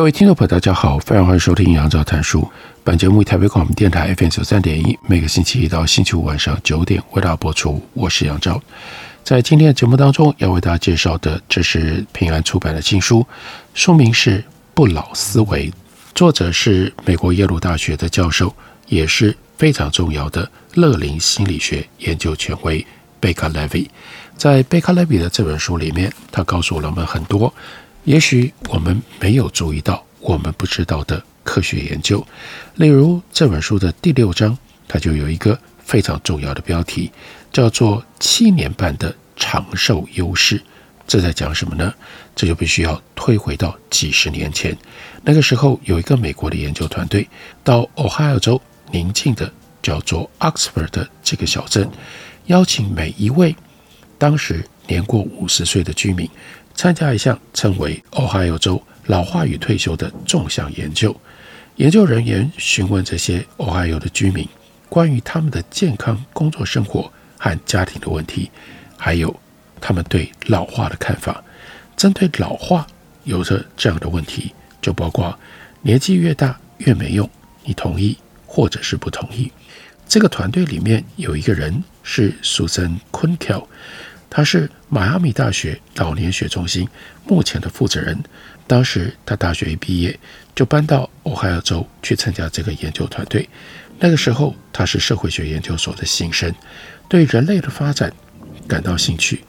各位聽眾朋友，大家好，非常歡迎收聽楊照談書。本節目以台北廣播電台 FM 九三點一，每個星期一到星期五晚上九點為大家播出。我是楊照，在今天的節目當中要為大家介紹的，這是平安出版的新書，書名是《不老思維》，作者是美國耶魯大學的教授，也是非常重要的樂齡心理學研究權威貝卡·雷維。在貝卡·雷維的這本書裡面，他告訴我們很多。也許我們沒有注意到我們不知道的科學研究，例如這本書的第六章，它就有一個非常重要的標題，叫做“七年半的長壽優勢”。這在講什麼呢？這就必須要退回到幾十年前，那個時候有一個美國的研究團隊到俄亥俄州寧靜的叫做 Oxford 的這個小鎮，邀請每一位當時年過五十歲的居民參加一項稱為“俄亥俄州老化與退休”的縱向研究。研究人員詢問這些俄亥俄的居民關於他們的健康、工作、生活和家庭的問題，還有他們對老化的看法。針對老化，有着這樣的問題，就包括“年紀越大越沒用”，你同意或者是不同意？這個團隊裡面有一個人是蘇珊·昆克爾。他是邁阿密大學老年學中心目前的負責人。當時他大學一畢業就搬到俄亥俄州去參加這個研究團隊。那個時候他是社會學研究所的新生，對人類的發展感到興趣。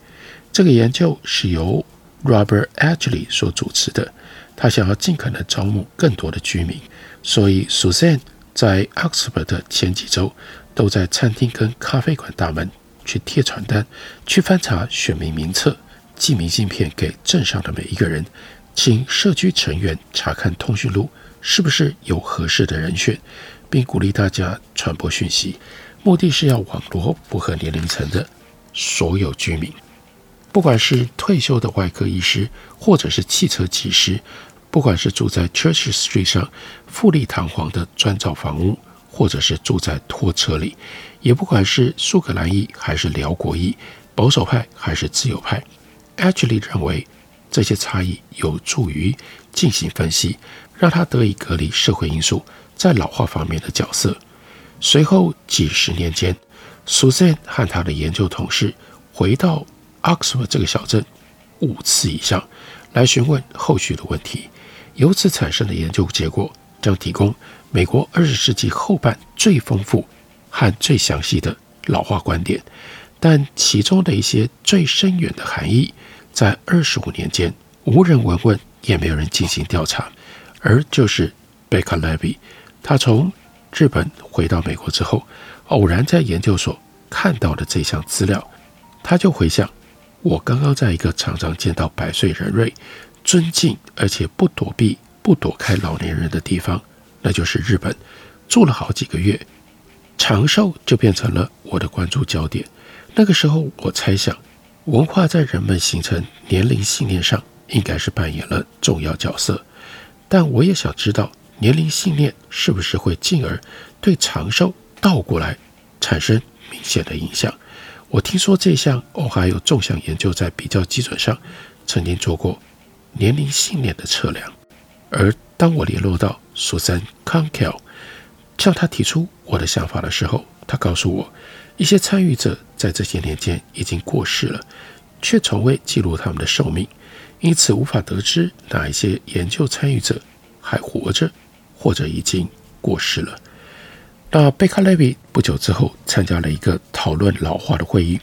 這個研究是由 Robert Atchley 所主持的。他想要盡可能招募更多的居民，所以 Susan 在 Oxford 的前幾周都在餐廳跟咖啡館大門。去貼傳單，去翻查選民名冊，寄明信片給鎮上的每一個人，請社區成員查看通訊錄，是不是有合適的人選，並鼓勵大家傳播訊息，目的是要網羅符合年齡層的所有居民，不管是退休的外科醫師，或者是汽車技師，不管是住在 Church Street 上富麗堂皇的磚造房屋，或者是住在拖車裡。也不管是蘇格蘭裔還是遼國裔，保守派還是自由派，Actually 認為這些差異有助於進行分析，讓他得以隔離社會因素在老化方面的角色。隨後幾十年間，Susan 和他的研究同事回到 Oxford 這個小鎮五次以上，來詢問後續的問題。由此產生的研究結果將提供美國二十世紀後半最豐富。和最詳細的老化觀點，但其中的一些最深遠的含義，在二十五年間無人聞問，也沒有人進行調查，而就是貝卡．雷維，他從日本回到美國之後，偶然在研究所看到了這項資料，他就回想：我剛剛在一個常常見到百歲人瑞，尊敬而且不躲避、不躲開老年人的地方，那就是日本，住了好幾個月。長壽就變成了我的關注焦點。那個時候，我猜想，文化在人們形成年齡信念上應該是扮演了重要角色。但我也想知道，年齡信念是不是會進而對長壽倒過來產生明顯的影響？我聽說這項俄亥俄縱向研究在比較基準上曾經做過年齡信念的測量。而當我聯絡到蘇珊·康凱向他提出我的想法的時候，他告訴我，一些參與者在這些年間已經過世了，卻從未記錄他們的壽命，因此無法得知哪一些研究參與者還活着，或者已經過世了。那貝卡雷維不久之後參加了一個討論老化的會議，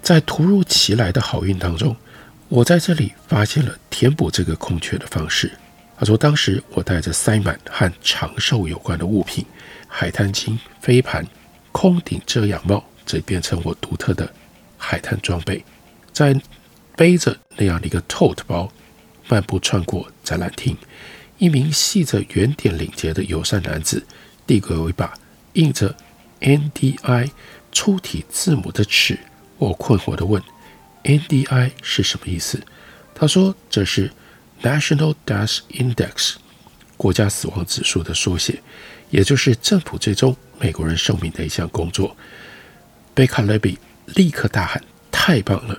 在突如其來的好運當中，我在這裡發現了填補這個空缺的方式。他說：“當時我帶着塞滿和長壽有關的物品，海灘巾、飛盤、空頂遮陽帽，這變成我獨特的海灘裝備。在背着那樣的一個 tote 包，漫步穿過展覽廳，一名繫着圓點領結的友善男子遞給我一把印着 NDI 粗體字母的尺。我困惑地問：NDI 是什麼意思？他說這是。” National Death Index，國家死亡指數的縮寫，也就是政府追蹤美國人壽命的一項工作。貝卡．雷維立刻大喊：“太棒了！”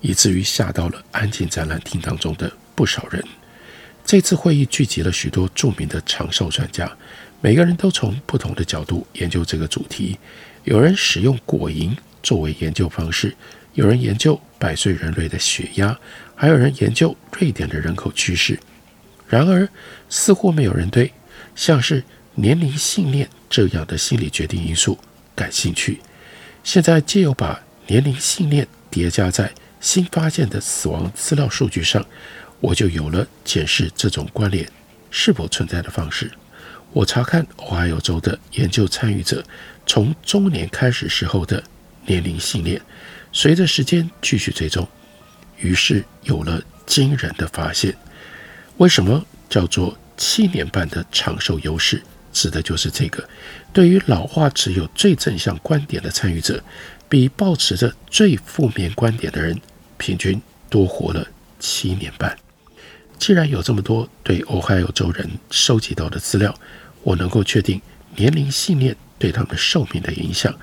以至於嚇到了安靜展覽廳當中的不少人。這次會議聚集了許多著名的長壽專家，每個人都從不同的角度研究這個主題。有人使用果蠅作為研究方式，有人研究，百歲人類的血壓，還有人研究瑞典的人口趨勢。然而，似乎沒有人對像是年齡信念這樣的心理決定因素感興趣。現在，借由把年齡信念疊加在新發現的死亡資料數據上，我就有了解釋這種關聯是否存在的方式。我查看華友州的研究參與者從中年開始時候的年齡信念。隨着時間繼續追蹤，於是有了驚人的發現。為什麼叫做七年半的長壽優勢？指的就是這個：對於老化持有最正向觀點的參與者，比抱持着最負面觀點的人，平均多活了七年半。既然有這麼多對歐亥俄州人收集到的資料，我能夠確定，年齡信念對他們壽命的影響，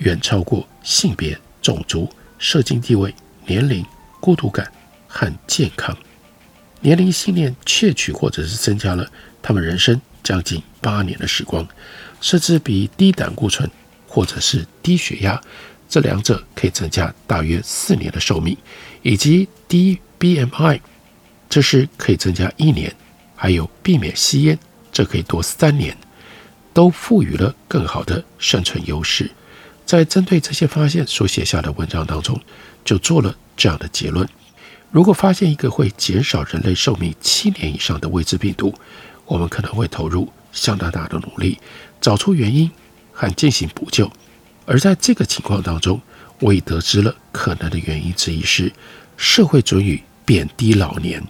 遠超過性別。種族、社經地位、年齡、孤獨感和健康。年齡信念竊取或者是增加了他們人生將近八年的時光，甚至比低膽固醇或者是低血壓這兩者可以增加大約四年的壽命，以及低 BMI，這是可以增加一年，還有避免吸菸，這可以多三年，都賦予了更好的生存優勢。在針對這些發現所寫下的文章當中，就做了這樣的結論：如果發現一個會減少人類壽命七年以上的未知病毒，我們可能會投入相當大大的努力，找出原因和進行補救。而在這個情況當中，我已得知了可能的原因之一是，社會准予貶低老年。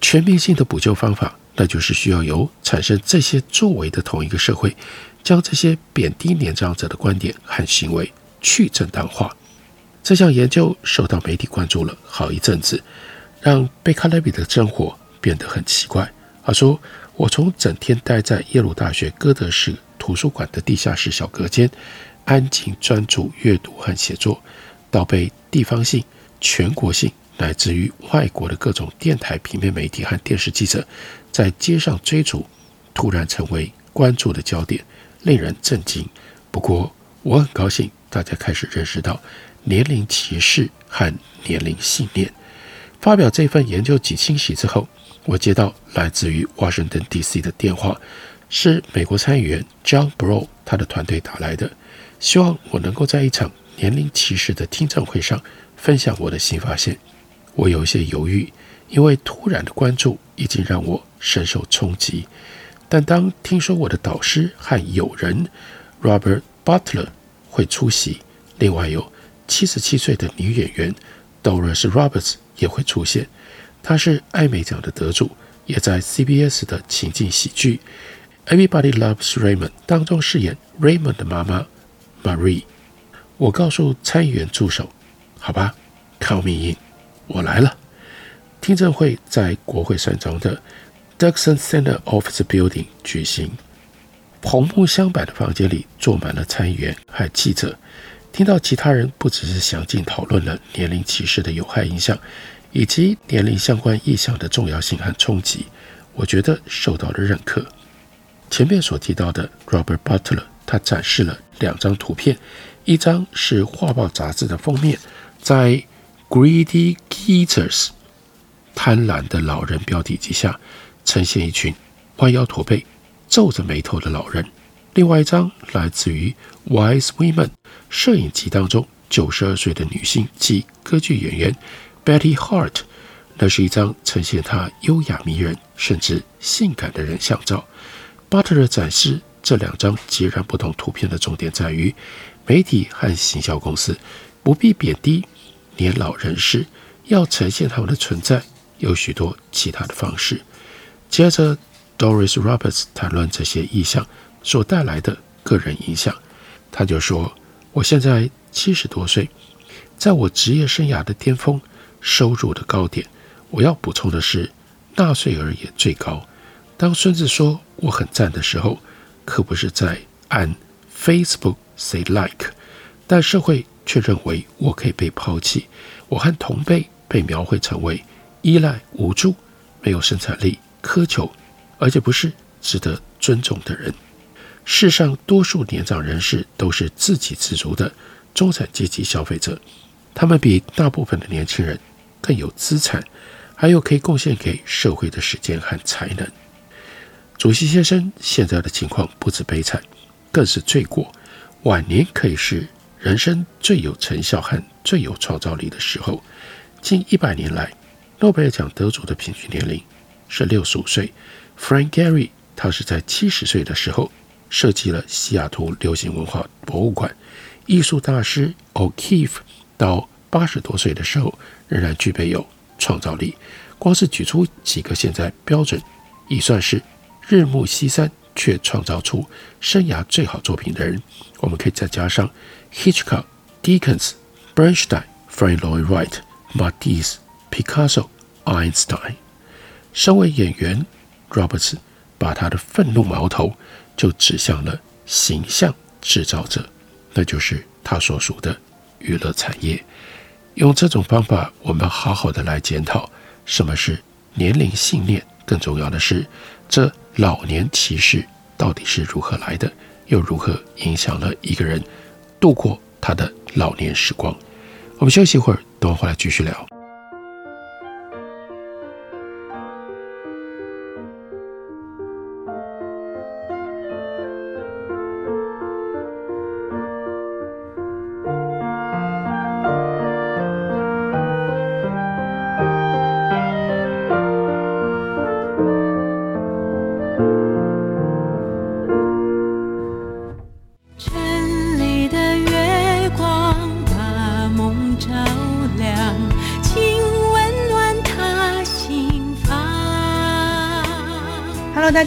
全民性的補救方法，那就是需要由產生這些作為的同一個社會。將這些貶低年長者的觀點和行為去正當化。這項研究受到媒體關注了好一陣子，讓貝卡雷維的生活變得很奇怪。他說：“我從整天待在耶魯大學哥德式圖書館的地下室小隔間，安靜專注閱讀和寫作，到被地方性、全國性乃至於外國的各種電台、平面媒體和電視記者在街上追逐，突然成為關注的焦點。”令人震驚。不過，我很高興大家開始認識到年齡歧視和年齡信念。發表這份研究及訊息之後，我接到來自於華盛頓 D.C. 的電話，是美國參議員 John Brown 他的團隊打來的，希望我能夠在一場年齡歧視的聽證會上分享我的新發現。我有一些猶豫，因為突然的關注已經讓我深受衝擊。但當聽說我的導師和友人 Robert Butler 會出席，另外有七十七歲的女演員 Doris Roberts 也會出現，她是艾美獎的得主，也在 CBS 的情境喜劇《Everybody Loves Raymond》當中飾演 Raymond 的媽媽 Marie。我告訴參議員助手：“好吧，Count me in，我來了。”聽證會在國會山莊的。Jackson Center Office Building 舉行，紅木鑲板的房間裡坐滿了參議員和記者。聽到其他人不只是詳盡討論了年齡歧視的有害影響，以及年齡相關意向的重要性和衝擊，我覺得受到了認可。前面所提到的 Robert Butler，他展示了兩張圖片，一張是畫報雜誌的封面，在 “Greedy Geaters” 貪婪的老人標題之下，呈現一群彎腰駝背、皺着眉頭的老人。另外一張來自於《Wise Women》攝影集當中，九十二歲的女性及歌劇演員 Betty Hart。那是一張呈現她優雅迷人甚至性感的人像照。巴特的展示這兩張截然不同圖片的重點在於，媒體和行銷公司不必貶低年老人士，要呈現他們的存在，有許多其他的方式。接着，Doris Roberts 談論這些意象所帶來的個人影響，他就說：“我現在七十多歲，在我職業生涯的巔峰，收入的高點。我要補充的是，納稅額也最高。當孫子說我很讚的時候，可不是在按 Facebook say like，但社會卻認為我可以被拋棄。我和同輩被描繪成為依賴、無助、沒有生產力。”苛求，而且不是值得尊重的人。世上多數年長人士都是自給自足的中產階級消費者，他們比大部分的年輕人更有資產，還有可以貢獻給社會的時間和才能。主席先生現在的情況不止悲慘，更是罪過。晚年可以是人生最有成效和最有創造力的時候。近一百年來，諾貝爾獎得主的平均年齡是六十五歲，Frank Gehry，他是在七十歲的時候設計了西雅圖流行文化博物館。藝術大師 O'Keeffe 到八十多歲的時候，仍然具備有創造力。光是舉出幾個現在標準，已算是日暮西山卻創造出生涯最好作品的人，我們可以再加上 Hitchcock、Deakins、Bernstein、Frank Lloyd Wright、Matisse、Picasso、Einstein。身為演員，Roberts 把他的憤怒矛頭就指向了形象制造者，那就是他所屬的娛樂產業。用這種方法，我們好好的來檢討什麼是年齡信念，更重要的是，這老年歧視到底是如何來的，又如何影響了一個人度過他的老年時光？我們休息一會兒，等會兒回來繼續聊。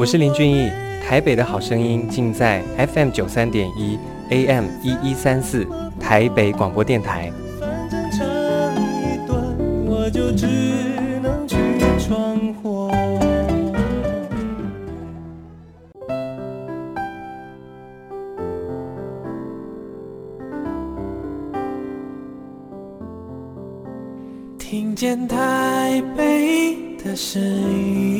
我是林俊逸，台北的好聲音盡在 FM 九三點一 AM 一一三四台北廣播電臺。聽見台北的聲音。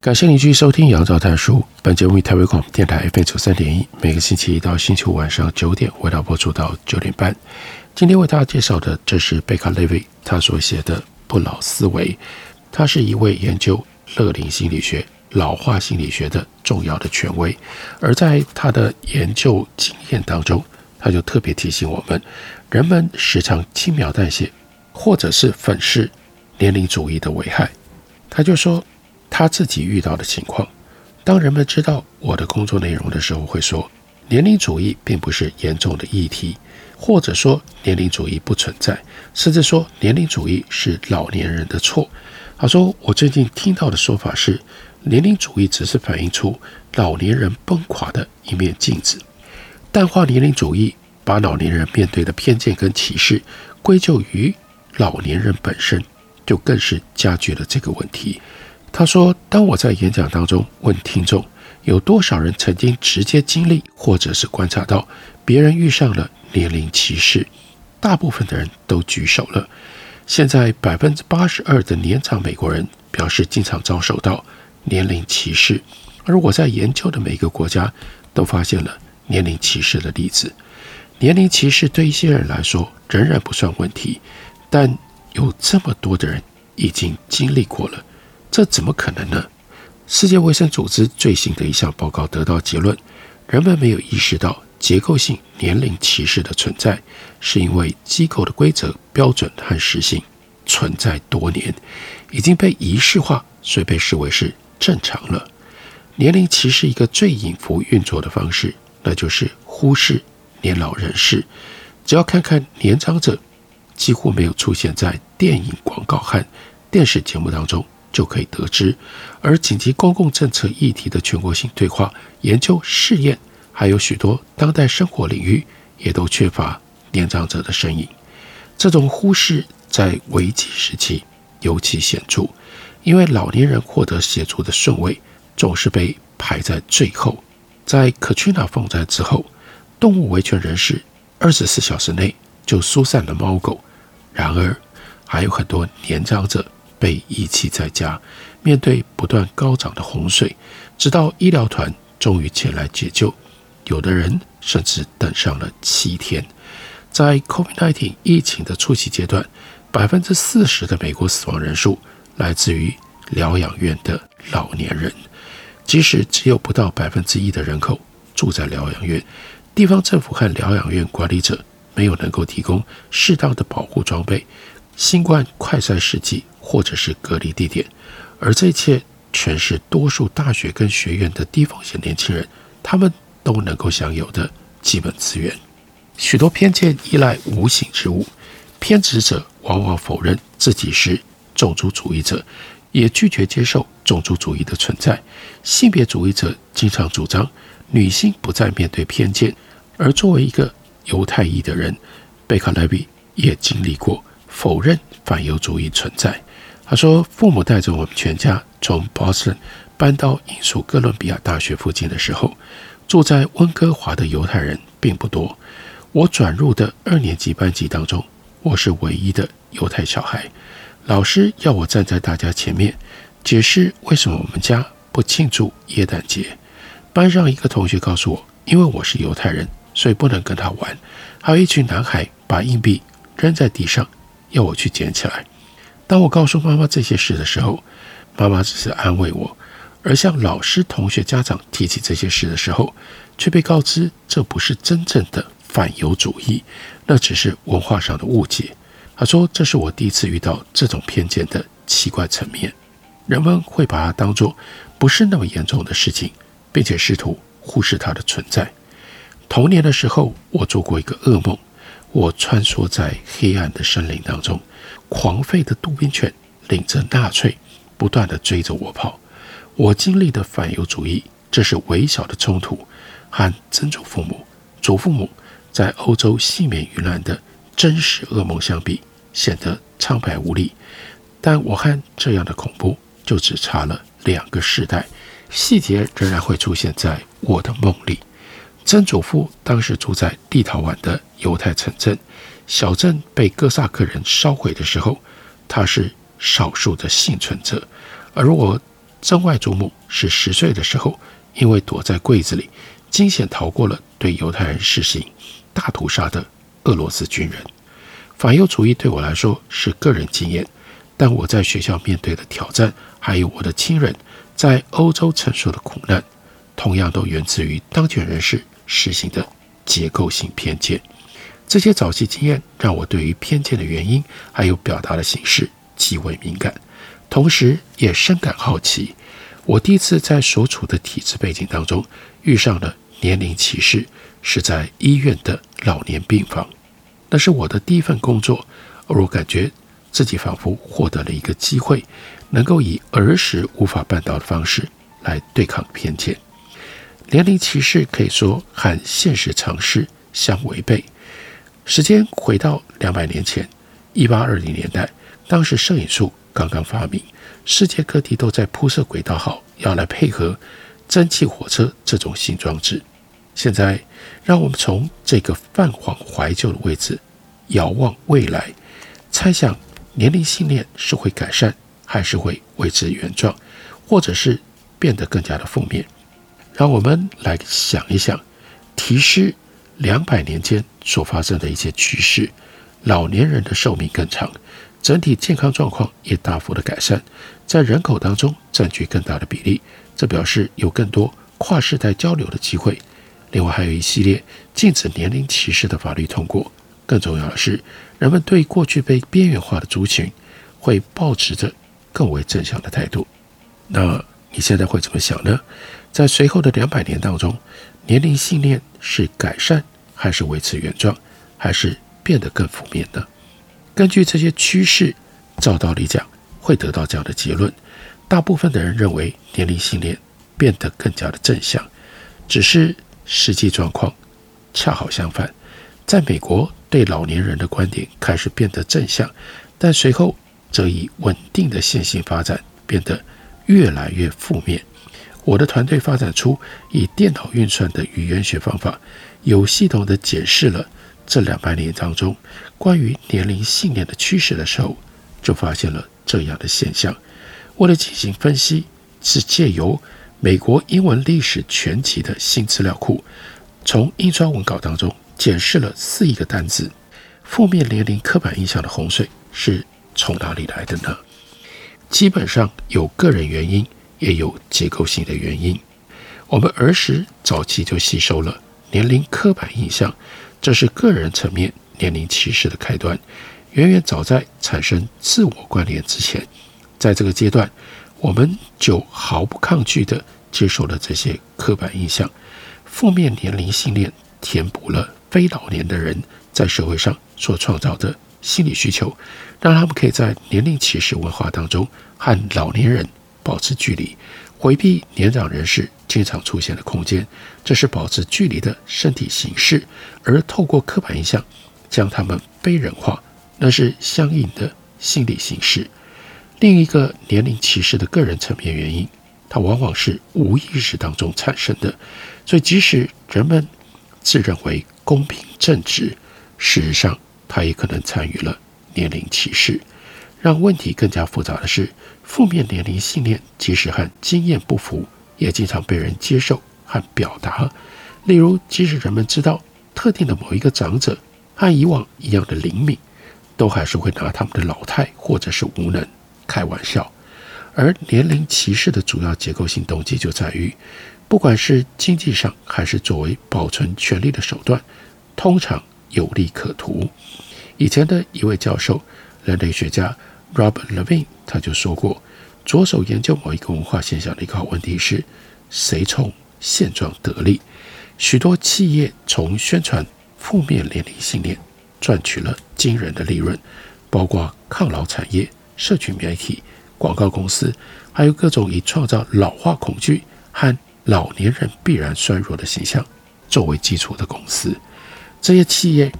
感謝您繼續收聽《楊照談書》。本節目由臺北廣播電臺 FM 九三點一，每個星期一到星期五晚上九點為大家播出到九點半。今天為大家介紹的，這是貝卡·雷維他所寫的《不老思維》。他是一位研究樂齡心理學、老化心理學的重要的權威。而在他的研究經驗當中，他就特別提醒我們，人們時常輕描淡寫，或者是粉飾年齡主義的危害。他就說。他自己遇到的情況，當人們知道我的工作內容的時候，會說年齡主義並不是嚴重的議題，或者說年齡主義不存在，甚至說年齡主義是老年人的錯。他說：“我最近聽到的說法是，年齡主義只是反映出老年人崩垮的一面鏡子。淡化年齡主義，把老年人面對的偏見跟歧視歸咎於老年人本身，就更是加劇了這個問題。”他說：“當我在演講當中問聽眾，有多少人曾經直接經歷或者是觀察到別人遇上了年齡歧視，大部分的人都舉手了。現在百分之八十二的年長美國人表示經常遭受到年齡歧視，而我在研究的每個國家都發現了年齡歧視的例子。年齡歧視對一些人來說仍然不算問題，但有這麼多的人已經經歷過了。”這怎麼可能呢？世界衛生組織最新的一項報告得到結論：人們沒有意識到結構性年齡歧視的存在，是因為機構的規則、標準和實行存在多年，已經被儀式化，所以被視為是正常了。年齡歧視一個最隱伏運作的方式，那就是忽視年老人士。只要看看年長者幾乎沒有出現在電影、廣告和電視節目當中。就可以得知，而緊急公共政策議題的全國性對話、研究、試驗，還有許多當代生活領域，也都缺乏年長者的身影。這種忽視在危機時期尤其顯著，因為老年人獲得協助的順位總是被排在最後。在卡崔娜風災之後，動物維權人士二十四小時內就疏散了貓狗，然而還有很多年長者。被遺棄在家，面對不斷高漲的洪水，直到醫療團終於前來解救，有的人甚至等上了七天。在 COVID-19 疫情的初期階段，百分之四十的美國死亡人數來自於療養院的老年人。即使只有不到百分之一的人口住在療養院，地方政府和療養院管理者沒有能夠提供適當的保護裝備。新冠快篩試劑，或者是隔離地點，而這一切全是多數大學跟學院的地方性年輕人，他們都能夠享有的基本資源。許多偏見依賴無形之物，偏執者往往否認自己是種族主義者，也拒絕接受種族主義的存在。性別主義者經常主張女性不再面對偏見，而作為一個猶太裔的人，貝卡雷維也經歷過。否認反猶主義存在。他說：“父母帶着我們全家從 Boston 搬到英屬哥倫比亞大學附近的時候，住在溫哥華的猶太人並不多。我轉入的二年級班級當中，我是唯一的猶太小孩。老師要我站在大家前面，解釋為什麼我們家不慶祝耶誕節。班上一個同學告訴我，因為我是猶太人，所以不能跟他玩。還有一群男孩把硬幣扔在地上。”要我去撿起來。當我告訴媽媽這些事的時候，媽媽只是安慰我；而向老師、同學、家長提起這些事的時候，卻被告知這不是真正的反猶主義，那只是文化上的誤解。他說：“這是我第一次遇到這種偏見的奇怪層面。人們會把它當做不是那麼嚴重的事情，並且試圖忽視它的存在。”童年的時候，我做過一個噩夢。我穿梭在黑暗的森林當中，狂吠的杜賓犬領着納粹不斷地追着我跑。我經歷的反猶主義，這是微小的衝突，和曾祖父母、祖父母在歐洲幸免於難的真實噩夢相比，顯得蒼白無力。但我和這樣的恐怖就只差了兩個世代，細節仍然會出現在我的夢裡。曾祖父當時住在立陶宛的猶太城鎮，小鎮被哥薩克人燒毀的時候，他是少數的倖存者。而我曾外祖母是十歲的時候，因為躲在櫃子裡，驚險逃過了對猶太人實行大屠殺的俄羅斯軍人。反猶主義對我來說是個人經驗，但我在學校面對的挑戰，還有我的親人在歐洲承受的苦難，同樣都源自於當權人士。實行的結構性偏見，這些早期經驗讓我對於偏見的原因還有表達的形式極為敏感，同時也深感好奇。我第一次在所處的體制背景當中遇上了年齡歧視，是在醫院的老年病房。那是我的第一份工作，而我感覺自己仿佛獲得了一個機會，能夠以兒時無法辦到的方式來對抗偏見。年齡歧視可以說和現實常識相違背。時間回到兩百年前，一八二零年代，當時攝影術剛剛發明，世界各地都在鋪設軌道號，要來配合蒸汽火車這種新裝置。現在，讓我們從這個泛黃懷舊的位置，遙望未來，猜想年齡信念是會改善，還是會維持原狀，或者是變得更加的負面。讓我們來想一想，提斯兩百年間所發生的一些趨勢：老年人的壽命更長，整體健康狀況也大幅的改善，在人口當中佔據更大的比例。這表示有更多跨世代交流的機會。另外，還有一系列禁止年齡歧視的法律通過。更重要的是，人們對過去被邊緣化的族群會抱持着更為正向的態度。那你現在會怎麼想呢？在隨後的兩百年當中，年齡信念是改善還是維持原狀，還是變得更負面呢？根據這些趨勢，照道理講會得到這樣的結論：大部分的人認為年齡信念變得更加的正向，只是實際狀況恰好相反。在美國，對老年人的觀點開始變得正向，但隨後則以穩定的線性發展變得越來越負面。我的團隊發展出以電腦運算的語言學方法，有系統地解釋了這兩百年當中關於年齡信念的趨勢的時候，就發現了這樣的現象。為了進行分析，是借由美國英文歷史全集的新資料庫，從印刷文稿當中檢視了四億個單字。負面年齡刻板印象的洪水是從哪裡來的呢？基本上有個人原因。也有結構性的原因。我們兒時早期就吸收了年齡刻板印象，這是個人層面年齡歧視的開端，遠遠早在產生自我關聯之前。在這個階段，我們就毫不抗拒地接受了這些刻板印象。負面年齡信念填補了非老年的人在社會上所創造的心理需求，讓他們可以在年齡歧視文化當中和老年人。保持距離，回避年長人士經常出現的空間，這是保持距離的身體形式；而透過刻板印象將他們非人化，那是相應的心理形式。另一個年齡歧視的個人層面原因，它往往是無意識當中產生的，所以即使人們自認為公平正直，事實上他也可能參與了年齡歧視。讓問題更加複雜的是，負面年齡信念即使和經驗不符，也經常被人接受和表達。例如，即使人們知道特定的某一個長者和以往一樣的靈敏，都還是會拿他們的老態或者是無能開玩笑。而年齡歧視的主要結構性動機就在於，不管是經濟上還是作為保存權力的手段，通常有利可圖。以前的一位教授。人類學家 Robert Levine 他就說過，着手研究某一個文化現象的一個好問題是，誰從現狀得利？許多企業從宣傳負面年齡信念賺取了驚人的利潤，包括抗老產業、社群媒體、廣告公司，還有各種以創造老化恐懼和老年人必然衰弱的形象作為基礎的公司。這些企業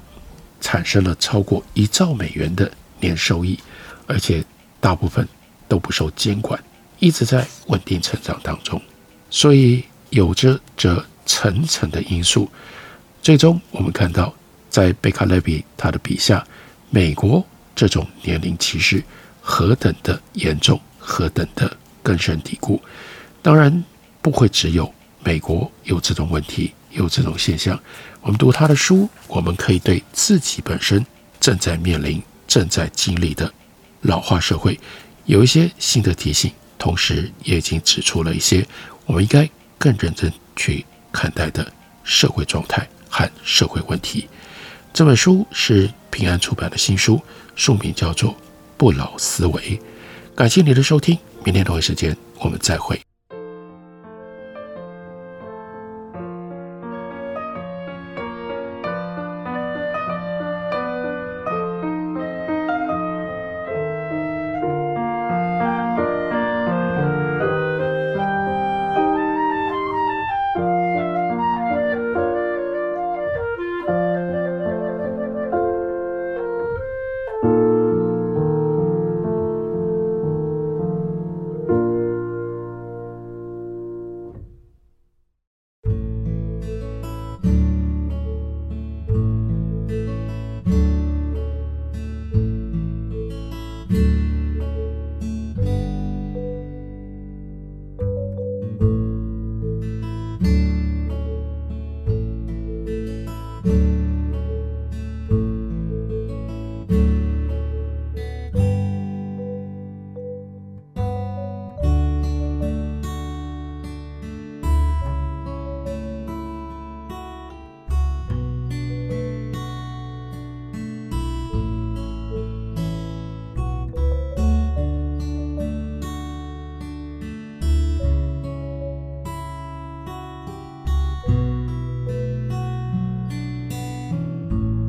產生了超過一兆美元的。年收益，而且大部分都不受監管，一直在穩定成長當中，所以有着這層層的因素。最終，我們看到，在貝卡雷比他的筆下，美國這種年齡歧視何等的嚴重，何等的根深蒂固。當然，不會只有美國有這種問題，有這種現象。我們讀他的書，我們可以對自己本身正在面臨。正在經歷的老化社會，有一些新的提醒，同時也已經指出了一些我們應該更認真去看待的社會狀態和社會問題。這本書是平安出版的新書，書名叫做《不老思維》。感謝您的收聽，明天同一時間我們再會。